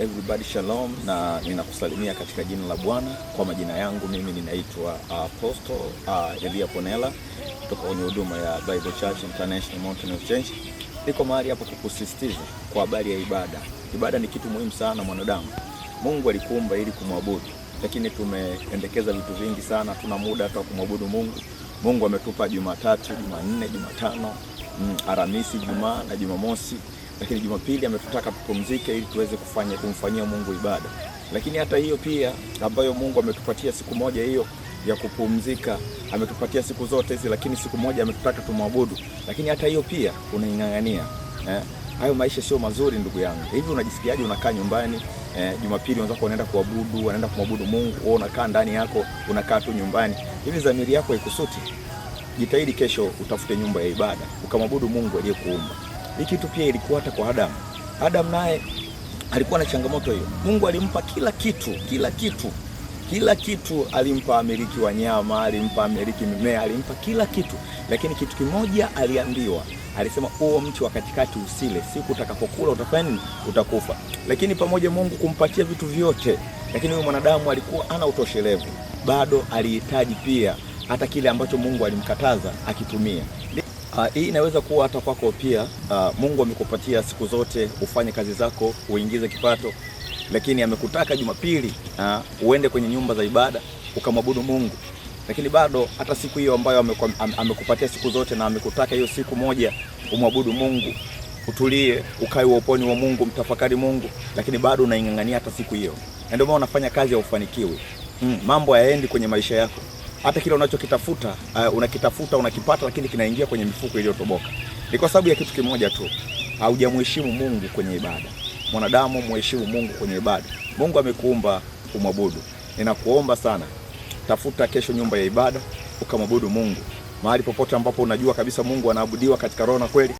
everybody shalom, na ninakusalimia katika jina la Bwana. Kwa majina yangu mimi ninaitwa uh, Apostle uh, Elia Ponela kutoka kwenye huduma ya Bible Church International Mountain of Change. Niko mahali hapa kukusisitiza kwa habari ya ibada. Ibada ni kitu muhimu sana mwanadamu. Mungu alikuumba ili kumwabudu, lakini tumeendekeza vitu vingi sana, tuna muda hata kumwabudu Mungu. Mungu ametupa Jumatatu, Jumanne, Jumatano, mm, aramisi Jumaa na Jumamosi lakini Jumapili ametutaka tupumzike ili tuweze kufanya kumfanyia Mungu ibada. Lakini hata hiyo pia ambayo Mungu ametupatia siku moja hiyo ya kupumzika, ametupatia siku zote hizi, lakini siku moja ametutaka tumwabudu, lakini hata hiyo pia unaing'ang'ania eh. Hayo maisha sio mazuri ndugu yangu. Hivi unajisikiaje? Unakaa nyumbani eh, Jumapili wenzako wanaenda kuabudu, wanaenda kumwabudu Mungu, wewe unakaa ndani yako, unakaa tu nyumbani. Hivi dhamiri yako ikusuti? Jitahidi kesho utafute nyumba ya ibada ukamwabudu Mungu aliyekuumba. Hii kitu pia ilikuwa hata kwa Adamu. Adamu naye alikuwa na changamoto hiyo. Mungu alimpa kila kitu, kila kitu, kila kitu alimpa, amiliki wanyama, alimpa amiliki mimea, alimpa kila kitu, lakini kitu kimoja aliambiwa, alisema huo mti wa katikati usile, siku utakapokula utafanya nini? Utakufa. Lakini pamoja Mungu kumpatia vitu vyote, lakini huyu mwanadamu alikuwa ana utoshelevu, bado alihitaji pia hata kile ambacho Mungu alimkataza akitumia. Uh, hii inaweza kuwa hata kwako pia. Uh, Mungu amekupatia siku zote ufanye kazi zako uingize kipato, lakini amekutaka Jumapili uh, uende kwenye nyumba za ibada ukamwabudu Mungu, lakini bado hata siku hiyo ambayo am, amekupatia siku zote na amekutaka hiyo siku moja umwabudu Mungu, utulie, ukae uoponi wa Mungu, mtafakari Mungu, lakini bado unaing'ang'ania hata siku hiyo, na ndio maana unafanya kazi haufanikiwi. Mm, mambo hayaendi kwenye maisha yako hata kile unachokitafuta uh, unakitafuta unakipata, lakini kinaingia kwenye mifuko iliyotoboka. Ni kwa sababu ya kitu kimoja tu, haujamheshimu Mungu kwenye ibada. Mwanadamu, mheshimu Mungu kwenye ibada. Mungu amekuumba kumwabudu. Ninakuomba sana, tafuta kesho nyumba ya ibada ukamwabudu Mungu mahali popote ambapo unajua kabisa Mungu anaabudiwa katika roho na kweli.